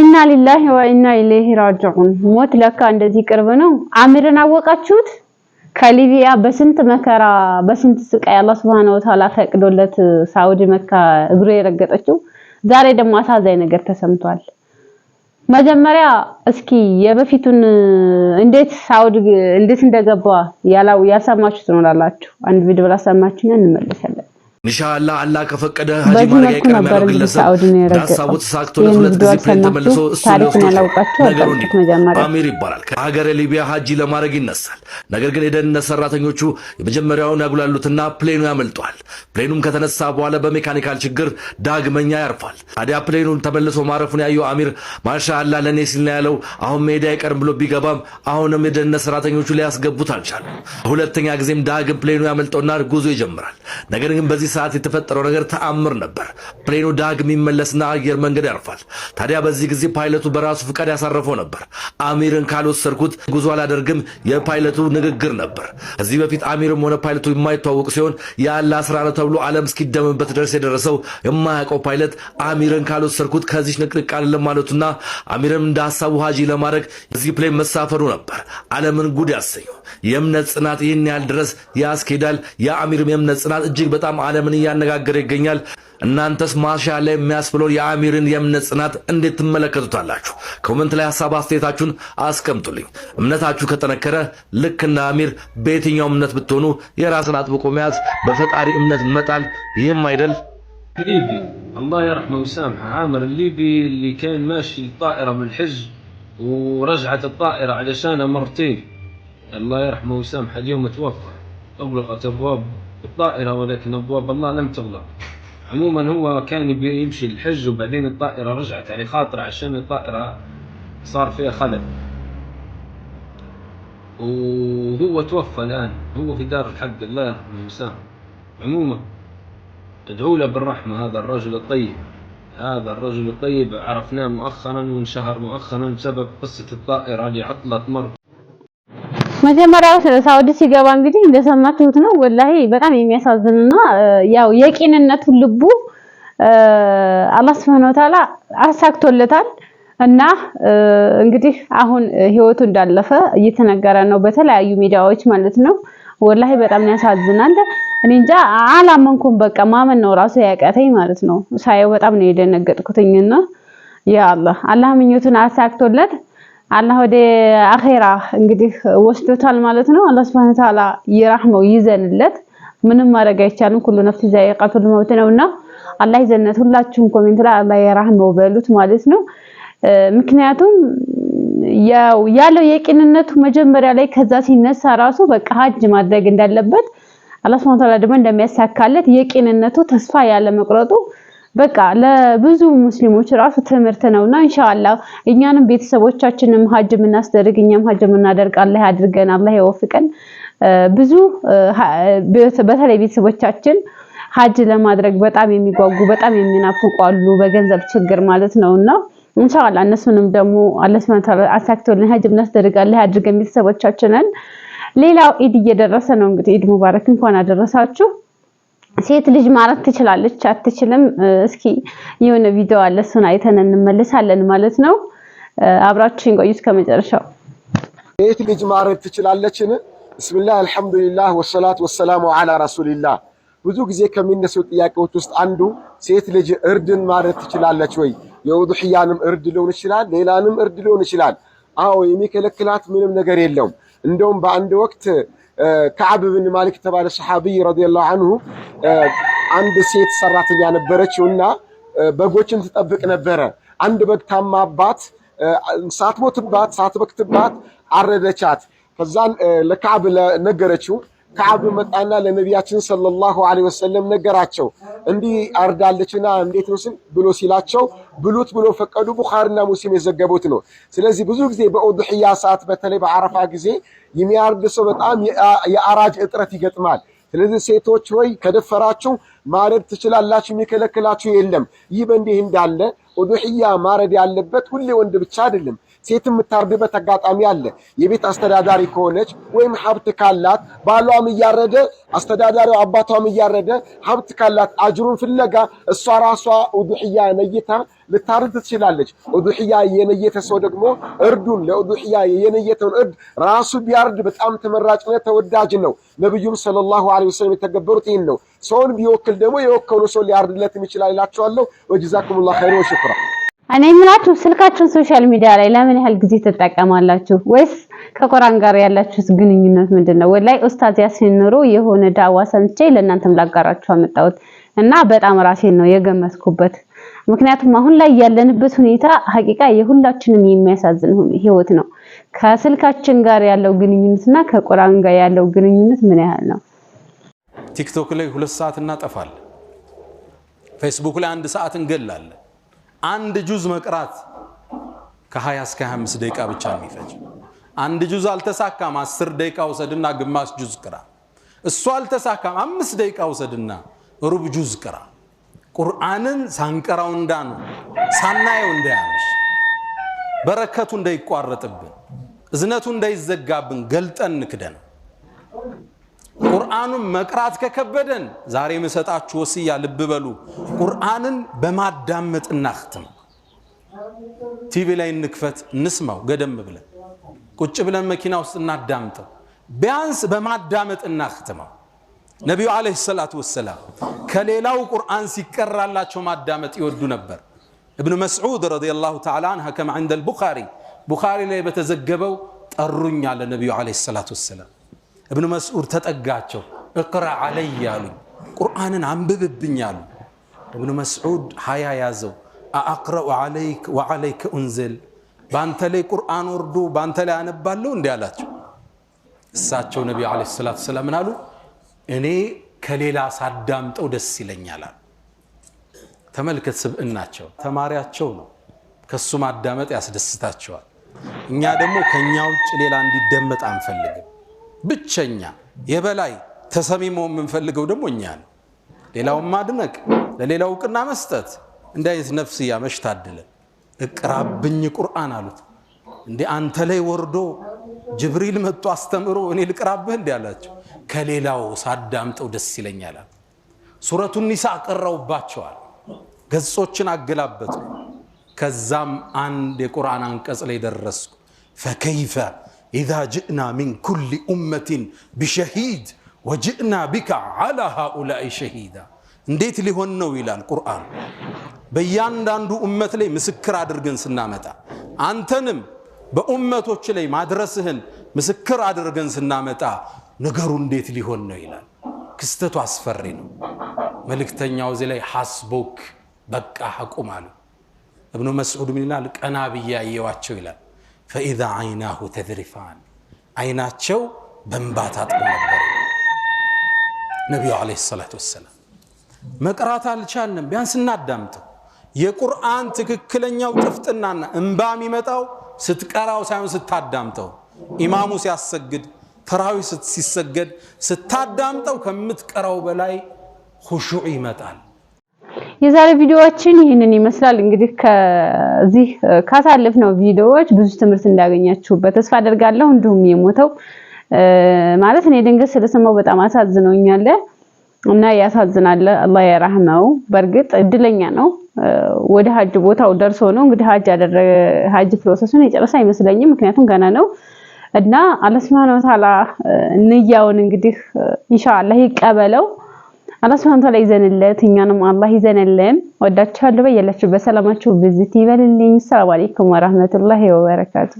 ኢና ሊላሂ ወኢና ኢለይሂ ራጅዑን። ሞት ለካ እንደዚህ ቅርብ ነው። አሚርን አወቃችሁት? ከሊቢያ በስንት መከራ በስንት ስቃይ አላህ Subhanahu Wa ፈቅዶለት ሳውዲ መካ እግሮ የረገጠችው ዛሬ ደግሞ አሳዛኝ ነገር ተሰምቷል። መጀመሪያ እስኪ የበፊቱን እንዴት ሳውዲ እንዴት እንደገባ ያላው ያልሰማችሁ ትኖራላችሁ። አንድ ቪዲዮ ላሰማችሁና እንመለሳለን። ኢንሻአላ አላህ ከፈቀደ ሀጂ ማርጋ ይቀርም ያለው ግለሰብ ተሳክቶ ተመልሶ አሚር ይባላል። ከሀገረ ሊቢያ ሀጂ ለማድረግ ይነሳል። ነገር ግን የደህንነት ሰራተኞቹ የመጀመሪያውን ያጉላሉትና ፕሌኑ ያመልጠዋል። ፕሌኑም ከተነሳ በኋላ በሜካኒካል ችግር ዳግመኛ ያርፋል። ታዲያ ፕሌኑን ተመልሶ ማረፉን ያየው አሚር ማሻአላ ለእኔ ሲል ነው ያለው። አሁን መሄድ አይቀርም ብሎ ቢገባም አሁንም የደህንነት ሰራተኞቹ ሊያስገቡት አልቻሉ። ሁለተኛ ጊዜም ዳግም ፕሌኑ ያመልጠውና ጉዞ ይጀምራል። ነገር ግን በዚህ ሰዓት የተፈጠረው ነገር ተአምር ነበር። ፕሌኑ ዳግም ይመለስና አየር መንገድ ያርፋል። ታዲያ በዚህ ጊዜ ፓይለቱ በራሱ ፍቃድ ያሳረፈው ነበር። አሚርን ካልወሰድኩት ጉዞ አላደርግም የፓይለቱ ንግግር ነበር። ከዚህ በፊት አሚርም ሆነ ፓይለቱ የማይተዋወቅ ሲሆን ያለ አስራ ነው ተብሎ ዓለም እስኪደምበት ድረስ የደረሰው የማያውቀው ፓይለት አሚርን ካልወሰድኩት ከዚህ ንቅንቅ አይደለም ማለቱና አሚርም እንደ ሀሳቡ ሀጂ ለማድረግ እዚህ ፕሌን መሳፈሩ ነበር። ዓለምን ጉድ ያሰኘው የእምነት ጽናት ይህን ያህል ድረስ ያስኬዳል። የአሚርም የእምነት ጽናት እጅግ በጣም ዓለም ዓለምን እያነጋገረ ይገኛል። እናንተስ ማሻላ የሚያስብለውን የአሚርን የእምነት ጽናት እንዴት ትመለከቱታላችሁ? ኮመንት ላይ ሀሳብ አስተያየታችሁን አስቀምጡልኝ። እምነታችሁ ከጠነከረ ልክ እንደ አሚር በየትኛው እምነት ብትሆኑ የራስን አጥብቆ መያዝ፣ በፈጣሪ እምነት መጣል ይህም አይደል ليبي الله يرحمه ويسامحه عامر الليبي اللي كان ماشي الطائرة من الحج ورجعت الطائرة علشان مرتين الله يرحمه ويسامحه اليوم توفى أغلقت أبواب الطائرة ولكن أبواب الله لم تغلق عموما هو كان يمشي الحج وبعدين الطائرة رجعت على يعني خاطره عشان الطائرة صار فيها خلل وهو توفى الآن هو في دار الحق الله يرحمه ويسامحه عموما ادعوا له بالرحمة هذا الرجل الطيب هذا الرجل الطيب عرفناه مؤخرا وانشهر مؤخرا بسبب قصة الطائرة اللي عطلت مرة መጀመሪያው ስለ ሳውዲ ሲገባ እንግዲህ እንደሰማችሁት ነው። ወላሂ በጣም የሚያሳዝንና ያው የቂንነቱ ልቡ አላህ Subhanahu አሳክቶለታል እና እንግዲህ አሁን ህይወቱ እንዳለፈ እየተነገረ ነው በተለያዩ ሚዲያዎች ማለት ነው። ወላሂ በጣም ያሳዝናል። እኔ እንጃ አላመንኩም። በቃ ማመን ነው ራሱ ያቀተኝ ማለት ነው። ሳየው በጣም ነው የደነገጥኩትኝና ያ አላህ አላህ ምኞቱን አሳክቶለት አላህ ወደ አኼራ እንግዲህ ወስዶታል ማለት ነው። አላህ ሱብሐነሁ ወተዓላ ይራህመው ይዘንለት። ምንም ማድረግ አይቻልም። ሁሉ ነፍስ ዘይቀቱል መውት ነውና አላህ ይዘንለት። ሁላችሁም ኮሜንት ላይ አላህ ይራህመው በሉት ማለት ነው። ምክንያቱም ያው ያለው የቂንነቱ መጀመሪያ ላይ ከዛ ሲነሳ ራሱ በቃ ሀጅ ማድረግ እንዳለበት አላህ ሱብሐነሁ ወተዓላ ደግሞ እንደሚያሳካለት የቂንነቱ ተስፋ ያለ መቁረጡ በቃ ለብዙ ሙስሊሞች ራሱ ትምህርት ነውና ኢንሻአላህ እኛንም ቤተሰቦቻችንም ሀጅ የምናስደርግ እኛም ሀጅ የምናደርግ አላህ አድርገን አላህ ይወፍቀን። ብዙ በተለይ ቤተሰቦቻችን ሀጅ ለማድረግ በጣም የሚጓጉ በጣም የሚናፍቁ አሉ፣ በገንዘብ ችግር ማለት ነውና እንሻላ እነሱንም ደግሞ አላህ ሱብሃነሁ ወተዓላ አሳክቶልን ሀጅ እናስደርጋለን አድርገን ቤተሰቦቻችንን። ሌላው ኢድ እየደረሰ ነው እንግዲህ ኢድ ሙባረክ እንኳን አደረሳችሁ። ሴት ልጅ ማረድ ትችላለች አትችልም? እስኪ የሆነ ቪዲዮ አለ፣ እሱን አይተን እንመለሳለን ማለት ነው። አብራችን ቆዩ እስከ መጨረሻው። ሴት ልጅ ማረድ ትችላለችን? ብስሚላህ አልሐምዱሊላህ ወሰላት ወሰላሙ አላ ረሱሊላህ። ብዙ ጊዜ ከሚነሱ ጥያቄዎች ውስጥ አንዱ ሴት ልጅ እርድን ማረድ ትችላለች ወይ? የውዱሕያንም እርድ ሊሆን ይችላል፣ ሌላንም እርድ ሊሆን ይችላል። አዎ የሚከለክላት ምንም ነገር የለውም። እንደውም በአንድ ወቅት ከዓብ ብን ማሊክ የተባለ ሰሓቢይ ረዲየላሁ አንሁ አንድ ሴት ሰራተኛ ነበረችው እና በጎችን ትጠብቅ ነበረ። አንድ በግ ታማባት፣ ሳትሞትባት፣ ሳትበክትባት አረደቻት። ከዛን ለከዓብ ነገረችው። ከዓቡ መጣና ለነቢያችን ሰለላሁ ዐለይሂ ወሰለም ነገራቸው። እንዲህ አርዳለችና እንዴት ነው ስል ብሎ ሲላቸው ብሉት ብሎ ፈቀዱ። ቡኻሪና ሙስሊም የዘገቡት ነው። ስለዚህ ብዙ ጊዜ በኡድሕያ ሰዓት በተለይ በአረፋ ጊዜ የሚያርድ ሰው በጣም የአራጅ እጥረት ይገጥማል። ስለዚህ ሴቶች ወይ ከደፈራችሁ ማረድ ትችላላችሁ፣ የሚከለክላችሁ የለም። ይህ በእንዲህ እንዳለ ኡድሕያ ማረድ ያለበት ሁሌ ወንድ ብቻ አይደለም። ሴት የምታርድበት አጋጣሚ አለ። የቤት አስተዳዳሪ ከሆነች ወይም ሀብት ካላት ባሏም እያረደ አስተዳዳሪው አባቷም እያረደ ሀብት ካላት አጅሩን ፍለጋ እሷ ራሷ ኡዱሕያ ነይታ ልታርድ ትችላለች። ኡዱሕያ የነየተ ሰው ደግሞ እርዱን ለኡዱሕያ የነየተውን እርድ ራሱ ቢያርድ በጣም ተመራጭነት ተወዳጅ ነው። ነቢዩም ሰለላሁ ዐለይሂ ወሰለም የተገበሩት ይህን ነው። ሰውን ቢወክል ደግሞ የወከሉ ሰው ሊያርድለት ይችላል ይላቸዋለሁ። ወጀዛኩሙላሁ ኸይረን ወሽኩራ እኔ የምላችሁ ስልካችሁን ሶሻል ሚዲያ ላይ ለምን ያህል ጊዜ ትጠቀማላችሁ? ወይስ ከቁርአን ጋር ያላችሁስ ግንኙነት ምንድን ነው? ወላይ ኡስታዝ ያሲን ኑሩ የሆነ ዳዋ ሰምቼ ለእናንተም ላጋራችሁ አመጣሁት እና በጣም ራሴን ነው የገመትኩበት። ምክንያቱም አሁን ላይ ያለንበት ሁኔታ ሀቂቃ የሁላችንም የሚያሳዝን ህይወት ነው። ከስልካችን ጋር ያለው ግንኙነትና ከቁርአን ጋር ያለው ግንኙነት ምን ያህል ነው? ቲክቶክ ላይ ሁለት ሰዓት እናጠፋለን። ፌስቡክ ላይ አንድ ሰዓት እንገላለን። አንድ ጁዝ መቅራት ከ20 እስከ 25 ደቂቃ ብቻ ነው የሚፈጅ። አንድ ጁዝ አልተሳካም፣ 10 ደቂቃ ውሰድና ግማሽ ጁዝ ቅራ። እሱ አልተሳካም፣ አምስት ደቂቃ ውሰድና ሩብ ጁዝ ቅራ። ቁርአንን ሳንቀራው እንዳኑ ሳናየው እንዳያምሽ በረከቱ እንዳይቋረጥብን እዝነቱ እንዳይዘጋብን ገልጠን ንክደነው። ቁርአኑን መቅራት ከከበደን ዛሬ የምሰጣችሁ ወስያ ልብ በሉ። ቁርአንን በማዳመጥ እናክትም። ቲቪ ላይ እንክፈት፣ እንስማው። ገደም ብለን ቁጭ ብለን መኪና ውስጥ እናዳምጠው። ቢያንስ በማዳመጥ እናክትመው። ነቢዩ ዓለይሂ ሰላቱ ወሰላም ከሌላው ቁርአን ሲቀራላቸው ማዳመጥ ይወዱ ነበር። እብኑ መስዑድ ረዲየላሁ ተዓላ አንሁ ከማ ዐንደል ቡኻሪ ቡኻሪ ላይ በተዘገበው ጠሩኝ አለ ነቢዩ ዓለይሂ ሰላቱ ወሰላም እብን መስዑድ ተጠጋቸው። እቅረ አለይ አሉኝ፣ ቁርአንን አንብብብኝ አሉ። እብን መስዑድ ሀያ ያዘው። አአቅረኡ ወዓለይከ ኡንዝል፣ በአንተ ላይ ቁርአን ወርዶ በአንተ ላይ አነባለሁ እንዲ አላቸው። እሳቸው ነቢዩ ዓለይሂ ሰላቱ ወሰላም ምን አሉ? እኔ ከሌላ ሳዳምጠው ደስ ይለኛል አሉ። ተመልከት፣ ስብዕናቸው ተማሪያቸው ነው። ከሱ ማዳመጥ ያስደስታቸዋል። እኛ ደግሞ ከእኛ ውጭ ሌላ እንዲደመጥ አንፈልግም። ብቸኛ የበላይ ተሰሚ መሆን የምንፈልገው ደግሞ እኛ ነው። ሌላውን ማድነቅ፣ ለሌላው እውቅና መስጠት እንዲህ አይነት ነፍስ እያመሽ ታድለን። እቅራብኝ ቁርአን አሉት። እንዴ አንተ ላይ ወርዶ ጅብሪል መጥቶ አስተምሮ እኔ ልቅራብህ እንዲ አላቸው። ከሌላው ሳዳምጠው ደስ ይለኛል። ሱረቱን ኒሳ ቀረውባቸዋል፣ ገጾችን አገላበጡ። ከዛም አንድ የቁርአን አንቀጽ ላይ ደረስኩ። ፈከይፈ ኢዛ ጅእና ሚን ኩሊ ኡመትን ቢሸሂድ ወጅእና ቢከ ዓላ ሃኡላኢ ሸሂዳ እንዴት ሊሆን ነው ይላል ቁርአን። በእያንዳንዱ እመት ላይ ምስክር አድርገን ስናመጣ አንተንም በኡመቶች ላይ ማድረስህን ምስክር አድርገን ስናመጣ ነገሩ እንዴት ሊሆን ነው ይላል። ክስተቱ አስፈሪ ነው። መልእክተኛው እዚህ ላይ ሐስቦክ በቃ አቁም አሉ። እብኑ መስዑድ ምን ይላል? ቀና ብዬ አየዋቸው ይላል ፈኢዛ አይናሁ ተዝሪፋን አይናቸው በእንባታ ጥም ነበር። ነቢዩ ዓለይሂ ሰላቱ ወሰላም መቅራት አልቻልንም፣ ቢያንስ እናዳምጠው። የቁርአን ትክክለኛው ጥፍጥናና እንባ የሚመጣው ስትቀራው ሳይሆን ስታዳምጠው፣ ኢማሙ ሲያሰግድ፣ ተራዊ ሲሰገድ ስታዳምጠው ከምትቀራው በላይ ሁሹዕ ይመጣል። የዛሬ ቪዲዮዎችን ይህንን ይመስላል። እንግዲህ ከዚህ ካሳለፍነው ቪዲዮዎች ብዙ ትምህርት እንዳገኛችሁበት ተስፋ አደርጋለሁ። እንዲሁም የሞተው ማለት እኔ ድንገት ስለሰማው በጣም አሳዝነውኛል እና ያሳዝናል። አላህ የራህመው። በእርግጥ እድለኛ ነው፣ ወደ ሀጅ ቦታው ደርሶ ነው። እንግዲህ ሀጅ ያደረገ ሀጅ ፕሮሰሱን የጨረሰ አይመስለኝም፣ ምክንያቱም ገና ነው እና አላህ ሱብሃነሁ ወተዓላ ንያውን እንግዲህ ኢንሻአላህ ይቀበለው። አላህ ሱብሃነሁ ወተዓላ ይዘንለት፣ እኛንም አላህ ይዘንልን። ወዳችኋለሁ። በያላችሁበት ሰላማችሁ ብዝት ይበልልኝ። ሰላም አለይኩም ወራህመቱላሂ ወበረካቱ።